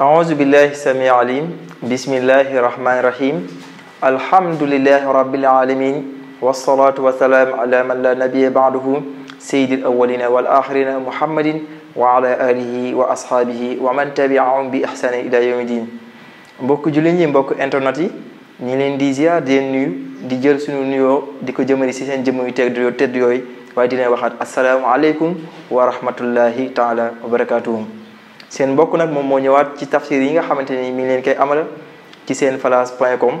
أعوذ بالله سميع العليم بسم الله الرحمن الرحيم الحمد لله رب العالمين والصلاة والسلام على من لا نبي بعده سيد الأولين والآخرين محمد وعلى آله وأصحابه ومن تبعهم بإحسان إلى يوم الدين بوكو جولينجي بوكو انترناتي ni len di ziar di nuyu di jël suñu nuyo di ko jëmëri ci seen jëmmu yu tedd yoo tedd yooyu waaye dinay waxaat asalaamu alaykum wa rahmatullahi taala seen mbokk nag moom moo ñëwaat ci tafsir yi nga xamante ni mi ngi leen koy amal ci seen falaas point com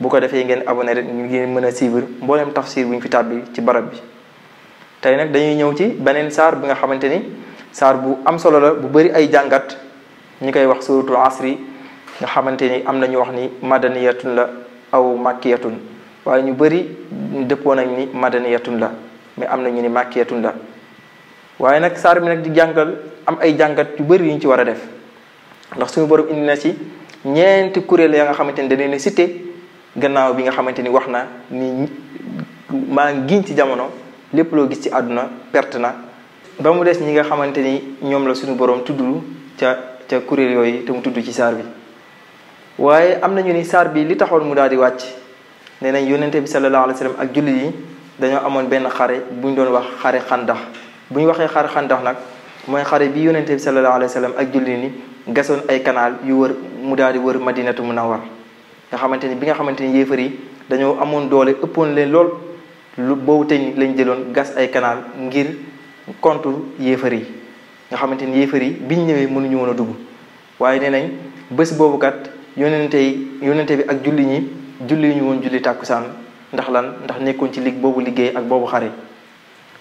bu ko defee ngeen abonné rek ñu ngi mën a suivre mbooleem tafsir bu ñu fi tàbbi ci barab bi. tey nag dañuy ñëw ci beneen saar bi nga xamante ni saar bu am solo la bu bëri ay jàngat ñu koy wax suratul asri nga xamante ni am na ñu wax ni madaniyatun la aw makkiyatun waaye ñu bëri dëppoo nañ ni madaniyatun la mais am na ñu ni makkiyatun la. waye nak sar mi nak di jàngal am ay jàngat yu bëri yu ñu ci wara def ndax suñu borom indi na ci ñent kurel ya nga xamanteni dañ leen cité gannaaw bi nga xamanteni ni ni ma ngi ci jamono lepp lo gis ci aduna perte na ba mu dess ñi nga xamanteni ni la suñu borom tuddu ca ca kurel yoy te mu tuddu ci sar bi waye am nañu ni sar bi li taxoon mu daal wacc neena nee bi sallallahu alayhi wa kare ak julli yi dañu ben xare buñ doon wax xare xandax bu ñu waxee xar xandax nag mooy xare bi yonente bi sallallahu alayhi wa ak julli ni gasoon ay kanaal yu wër mu daal di wër madinatu a munawwar nga xamante ni bi nga xamante ni yéefar yi dañoo amoon doole ëppoon leen lool lu boobu teñ lañ jëloon gas ay kanaal ngir contre yéefar yi nga xamante ni yéefar yi biñ ñëwee mënuñu woon a dugg waaye nee nañ bés boobu kat yonente yi yonente bi ak julli ñi julli ñu woon julli tàkkusaan ndax lan ndax nekkoon ci lig boobu liggéey ak boobu xare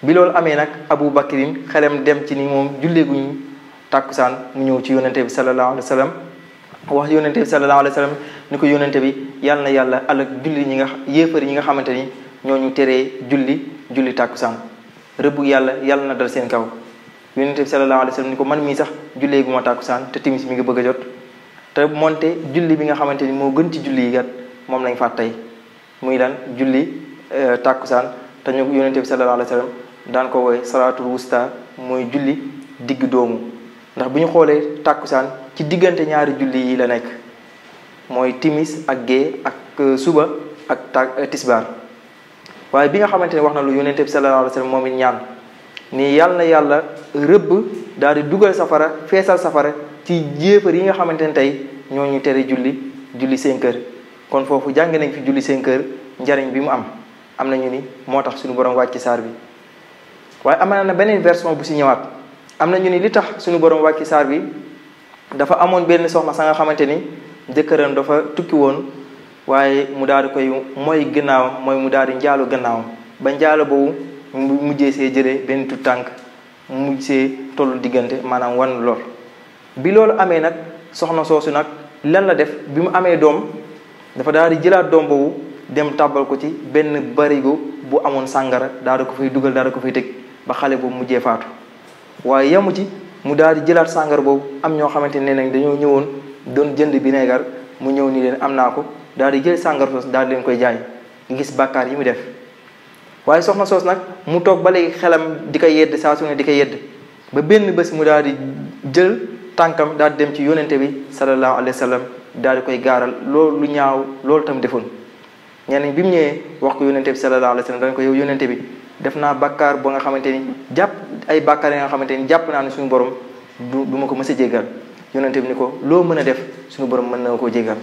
bi loolu amee nag abu bakrin xelam dem ci ni moom ñu tàkkusaan mu ñëw ci yonente bi sallallahu alayhi wa sallam wax yonente bi sallallahu alayhi wa sallam ni ko yonente bi yàlla na yàlla alak julli ñi nga yéefar yi nga xamante ni ñoo ñu teree julli julli tàkkusaan rëbb yàlla yàlla na dal seen kaw yonente bi sallallahu alayhi wa ko man mii sax julleeguma tàkkusaan te timis mi ngi bëgg jot te moonte julli bi nga xamante ni moo gën ci julli yi gat moom lañ fàttey muy lan julli euh, tàkkusaan te ñu yonente bi sallallahu alayhi wa sallam dan ko woy salaatul wusta moy julli dig doomu ndax buñu xolé takusan ci digënté ñaari julli yi la nek moy timis ak ge ak euh, suba ak euh, tisbar waye bi nga xamanteni waxna lu yonente bi sallallahu alayhi wasallam momi ñaan ni yalla yalla reub daal di dugal safara fessal safara ci jéefar yi nga xamanteni tay ñoo ñu téré julli julli 5 kër kon fofu jang nañ fi julli 5 kër njariñ bi mu am amna ñu ni motax suñu borom wacc saar bi waaye amaa na beneen version bu si ñëwaat am na ñu ni li tax suñu borom wàcci saar bi dafa amoon benn soxna sa nga xamante ni jëkkëram dafa tukki woon waaye mu daal di koy mooy gannaawam mooy mu daal di njaalu gannaawam ba njaalo boobu mu mujjee see jëlee benn tut tànk mu mujj tollu diggante maanaam wan lool bi loolu amee nag soxna soosu nag lan la def bi mu amee doom dafa daal di jëlaat doom boobu dem tàbbal ko ci benn barigo bu amoon sàngara daal ko fay dugal daal ko fay tëj ba xale boobu mujjee faatu waaye yamu ci mu daal di jëlaat sàngar boobu am ñoo xamante ne nag dañoo ñëwoon doon jënd bineegar mu ñëw nii leen am naa ko daal di jël sàngar soos daal di leen koy jaay nga gis bàkkaar yi mu def waaye soxna soos nag mu toog ba léegi xelam di ko yedd saa su ne di ko yedd ba benn bés mu daal di jël tànkam daal di dem ci yonente bi sallallahu alayhi wa sallam daal di koy gaaral loolu lu ñaaw loolu tam defoon ñeneen bi mu ñëwee wax ko yonente bi sallallahu alayhi wa yow yonente bi def naa bàkkaar ba nga xamante ni jàpp ay bàkkaar yi nga xamante ni jàpp naa ne suñu borom du du ma ko mës a jéggal yonente bi ni ko loo mën a def suñu borom mën na koo jéggal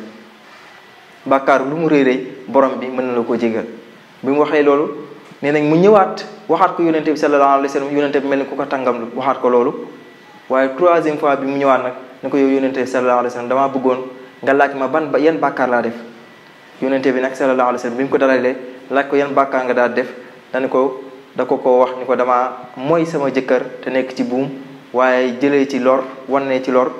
bàkkaar lu mu rëy rëy borom bi mën na koo jéggal bi mu waxee loolu nee nañ mu ñëwaat waxaat ko yonente bi sallallahu alayhi wa mel ni ku ko tàngamlu waxaat ko loolu waaye troisième fois bi mu ñëwaat nag ne ko yow yonente bi sallallahu alayhi wa sallam damaa bëggoon nga laaj ma ban yan bàkkaar laa def yonente bi nag sallallahu alayhi wa bi mu ko dalalee laaj ko yan bàkkaar nga daal def dana ko da ko ko wax ni ko dama mooy sama jëkkër te nekk ci buum waaye jëlee ci lor wanne ci lor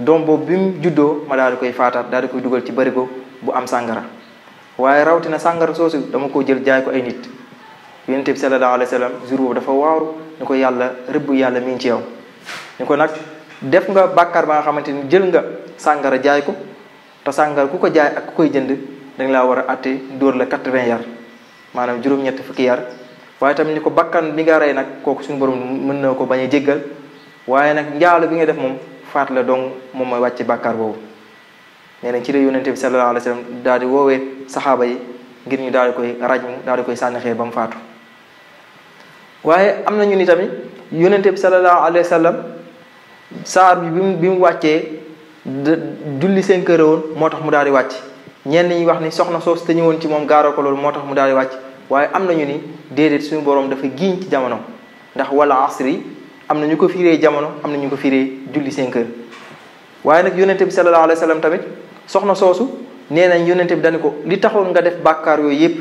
doom boobu bi mu juddoo ma daal di koy faataat daal di koy dugal ci barigo bu am sàngara waaye rawatina sàngara soosu dama ko jël jaay ko ay nit yonent bi sallallahu alayhi wa dafa waaru ni ko yàlla rëbb yàlla mi ngi ci yow ni ko nag def nga bàkkaar ba nga xamante ni jël nga sàngara jaay ko te sàngara ku ko jaay ak ku koy jënd dañ laa war a àtte dóor la quatre vingt yar maanaam juróom-ñett fukki yar waaye tamit ni ko bàkkan bi nga rey nag kooku suñu borom mën na ko bañ a jéggal waaye nag njaalo bi nga def moom faat la dong moom mooy wàcce bàkkaar boobu nee nañ ci la yonente bi sallallahu alayhi wa sallam saxaaba yi ngir ñu daal di koy rajmu daal di koy sànni ba mu faatu waaye am nañu ni tamit yonente bi sallallahu alayhi wa saar bi bi bi mu wàccee julli seen kër woon moo tax mu daal di wàcc ñenn ñi wax ni soxna soos te ñëwoon ci moom gaaroo ko loolu moo tax mu daal di wàcc waye amna ñu ni dedet suñu borom dafa giñ ci jamono ndax wala asri amna ñu ko firé jamono amna ñu ko firé julli 5 heures waye nak yonnate bi sallallahu alayhi wasallam tamit soxna soosu neena yonnate bi daniko li taxoon nga def bakkar yooyu yep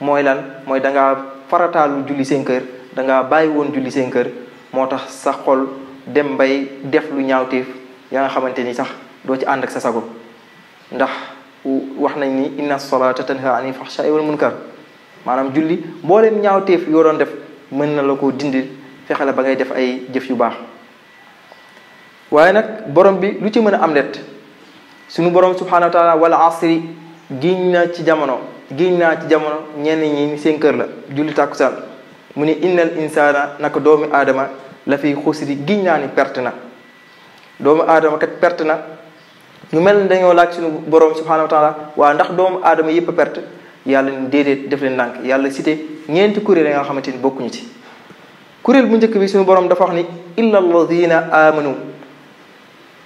moy lan moy da nga faratalu julli 5 heures da nga bayyi won julli 5 heures motax sa xol dem bay def lu ñaawteef ya nga xamanteni sax do ci and ak sa sago ndax waxnañ ni inna salata tanha anil fahsha'i wal munkar maanaam julli mbooleem ñaawtee yoo doon def mën na la ko dindi fexe la ba ngay def ay jëf yu baax waaye nag borom bi lu ci mën a am let suñu borom subhanahu wa taala wala asri giñ naa ci jamono giñ naa ci jamono ñenn ñi seen kër la julli tàkkusaan mu ne innal insaana naka doomi aadama la fi xusri giñ naa ni perte na doomu aadama kat perte na ñu mel ne dañoo laaj suñu borom subhanahu wa waa ndax doomu aadama yëpp perte yàlla ni déedéet def leen ndànk yàlla site ñeenti kuréel yi nga xamante ni bokkuñu ci kuréel bu njëkk bi suñu borom dafa wax ni illa alladina amanu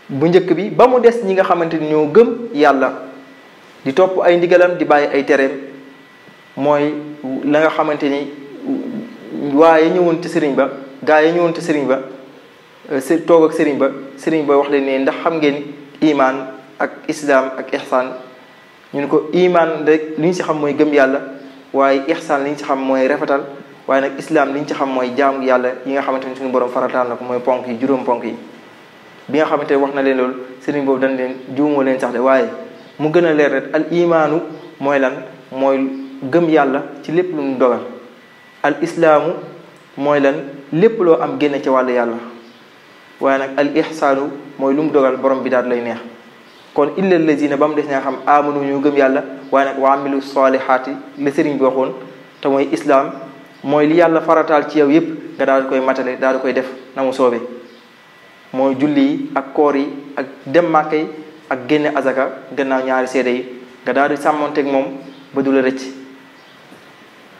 bu njëkk bi ba mu des ñi nga xamante ni ñoo gëm yàlla di topp ay ndigalam di bàyyi ay tereem mooy la nga xamante ni waaye ñëwoon ci sëriñ ba gaa yi ñëwoon ci sëriñ ba euh, toog ak sëriñ ba sëriñ ba wax leen ne ndax xam ngeen imaan ak islaam ak ihsaan ñu ne ko iman rek li ñu ci xam mooy gëm yàlla waaye ihsaan li ñu ci xam mooy rafetal waaye nag islam li ñu ci xam mooy yàlla yi nga xamante ni suñu borom farataal na mooy ponk yi juróom ponk bi nga xamante ne wax na leen loolu sëriñ boobu dañ leen juumoo leen sax de waaye mu gën a leer rek al mooy lan mooy gëm yàlla ci lépp lu mu al islaamu mooy lan lépp loo am génne ci wàllu yàlla waaye nag al ihsaanu mooy lu mu dogal borom bi daal lay neex kon illa lazina ba mu des ña nga xam amanu ñu gëm yàlla waaye nag wa amilu salihaati la sëriñ bi waxoon te mooy islaam mooy li yàlla farataal ci yow yépp nga daal di koy matale daal di koy def na mu soobee mooy julli yi ak koor yi ak dem màkk yi ak génne azaka gannaaw ñaari seede yi nga daal di sàmmonteeg moom ba du la rëcc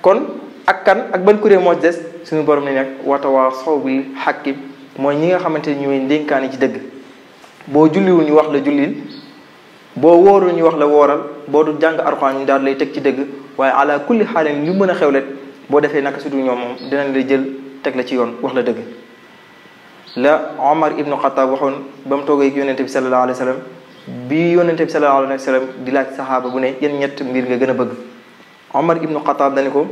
kon ak kan ak ban kuréel moo ci des suñu borom ne nag watawaa sow bi xàkki mooy ñi nga xamante ni ñooy ndénkaani ci dëgg boo julliwul boo wóoru ñu wax la wooral boo du jàng arxaan ñu daal lay teg ci dëgg waaye ala kulli xaalin lu mën a xewlet boo defee naka su dul ñoom moom dinañ la jël teg la ci yoon wax la dëgg la Omar ibnu Xataab waxoon ba mu toogee ak yonente bi sallallahu alai wa sallam bi yonente bi sallallahu alai wa sallam di laaj sahaaba bu ne yéen ñett mbir nga gën a bëgg Omar ibnu Xataab dani ko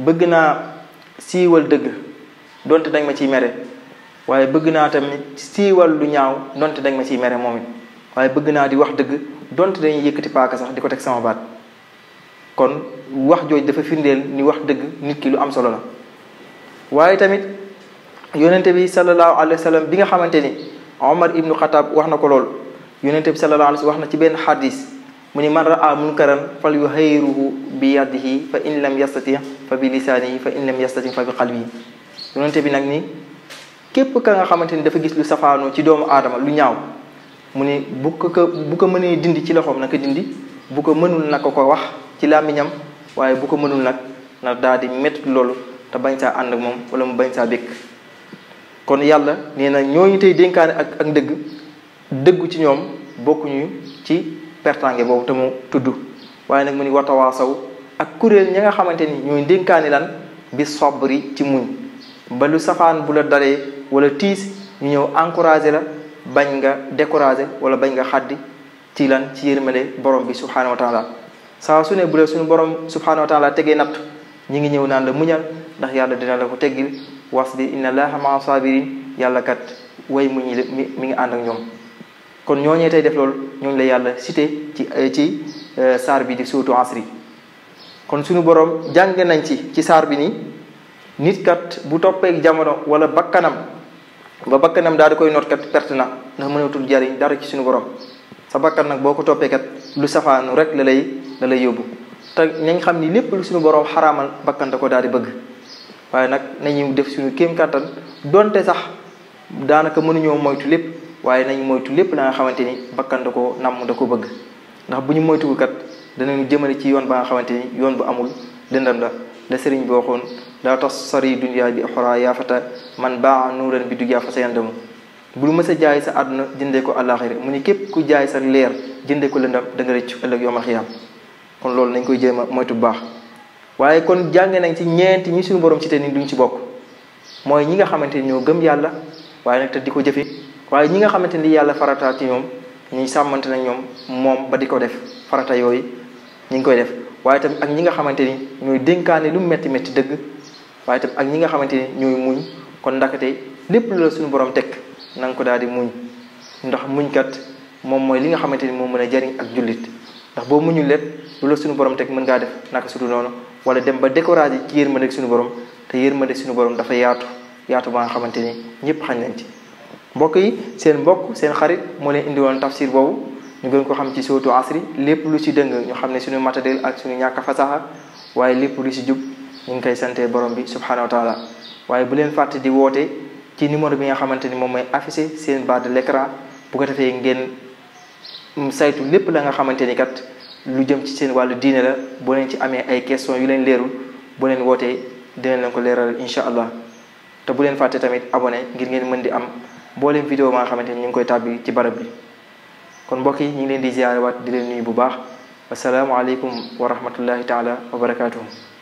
bëgg naa siiwal dëgg donte dañ ma ciy mere waaye bëgg naa tamit siiwal lu ñaaw donte dañ ma ciy mere moom it waaye bëgg naa di wax dëgg dont dañuy yëkkati paaka sax di ko teg sama baat kon wax jooj dafa firndeel ni wax dëgg nit ki lu am solo la waaye tamit yonente bi sallallahu alayhi wa sallam bi nga xamante ni omar ibnu xataab wax na ko lool yonente bi sallallahu alayhi wax na ci benn xadis mu ni man raa munkaran fal yuhayyiruhu bi yadihi fa in lam yastati fa bi lisaanihi fa in lam yastati fa bi qalbihi yonente bi nag nii képp ka nga xamante ni dafa gis lu safaanoo ci doomu aadama lu ñaaw mu ni bu ko ko bu ko mënee dindi ci loxoom na dindi bu ko mënul na ko wax ci làmmiñam waaye bu ko mënul nag na daal di loolu te bañ saa ànd ak moom wala mu bañ saa békk kon yàlla nee na ñooñu tey dénkaane ak ak dëgg dëggu ci ñoom bokkuñu ci pertange boobu te mu tudd waaye nag mu ni watawaasaw ak kuréel ñi nga xamante ni ñooy dénkaane lan bi yi ci muñ ba lu safaan bu la dalee wala tiis ñu ñëw encouragé la bañ nga découragé wala bañ nga xaddi ci lan ci yërmale borom bi subhaanahu wa taala saa su ne bu la suñu borom subhaanahu wa taala tegee natt ñi ngi ñëw naan la muñal ndax yàlla dina la ko teggil wasbir inna allaha maa sabirin yàlla kat way mu ñi mi ngi ànd ak ñoom kon ñooñee tey def loolu ñooñu la yàlla cité ci ci euh, saar bi di suuratu asri kon suñu borom jàng nañ ci ci saar bi nii nit kat bu toppeek jamono wala bakkanam ba bakkanam daal di koy noot kat perte na ndax mënatul jariñ dara ci suñu borom sa bakkan nag boo ko toppee kat lu safaanu rek la lay la lay yóbbu te nañ xam ni lépp suñu borom xaraamal bakkan ko daal di bëgg waaye nag nañu def suñu kéem kàttan donte sax daanaka mënuñoo moytu lépp waaye nañu moytu lépp la nga xamante ni bakkan da ko namm da ko bëgg ndax bu ñu moytuwul kat danañu jëmale ci yoon ba nga xamante ni yoon bu amul lëndam la la sëriñ bi waxoon daa tax sori dunya bi oxra yaafata man baa nuuran bi dunya fa sa yandamu bul mës a jaay sa àdduna jëndee ko àllaaxira mu ni képp ku jaay sa leer jëndee ko lëndam da nga rëccu ëllëg yoomal xiyaam kon loolu nañ koy jéem a moytu bu baax waaye kon jàng nañ ci ñeenti ñi suñu borom ci te ni duñu ci bokk mooy ñi nga xamante ni ñoo gëm yàlla waaye nag te di ko jëfe waaye ñi nga xamante ni yàlla farata ci ñoom ñuy sàmmante na ñoom moom ba di ko def farata yooyu ñu ngi koy def waaye tamit ak ñi nga xamante ni ñooy dénkaane lu metti métti dëgg waaye tamit ak ñi nga xamante ni ñooy muñ kon ndakate lépp lu la suñu borom teg na ko daal di muñ ndax muñ kat moom mooy li nga xamante ni moo mën a jariñ ak jullit ndax boo muñul lépp lu la suñu borom teg mën ngaa def naka su dul noonu wala dem ba découragé ci yërmande suñu borom te yërmande suñu borom dafa yaatu yaatu ba nga xamante ni ñëpp xañ nañ ci mbokk yi seen mbokk seen xarit moo leen woon tafsir boobu ñu gën ko xam ci sotu asri lépp lu ci dëng ñu xam ne suñu matadel ak suñu ñàkk fasaxa waaye lépp lu ci jub ñu ngi koy sante borom bi subhanahu wa taala waaye bu leen fàtte di woote ci numéro bi nga xamante ni moom mooy affiché seen bas de l'écran bu ko defee ngeen saytu lépp la nga xamante ni kat lu jëm ci seen wàllu diine la bu leen ci amee ay question yu leen leerul bu leen wootee dinañ leen ko leeral insha allah te bu leen fàtte tamit abonné ngir ngeen mën am mboolem video ma nga xamante ni ñu ngi koy tàbbi ci barab bi kon mbokk yi ñu ngi leen di ziyaare waat di leen nuyu bu baax wasalaamualeykum wa rahmatullahi taala wa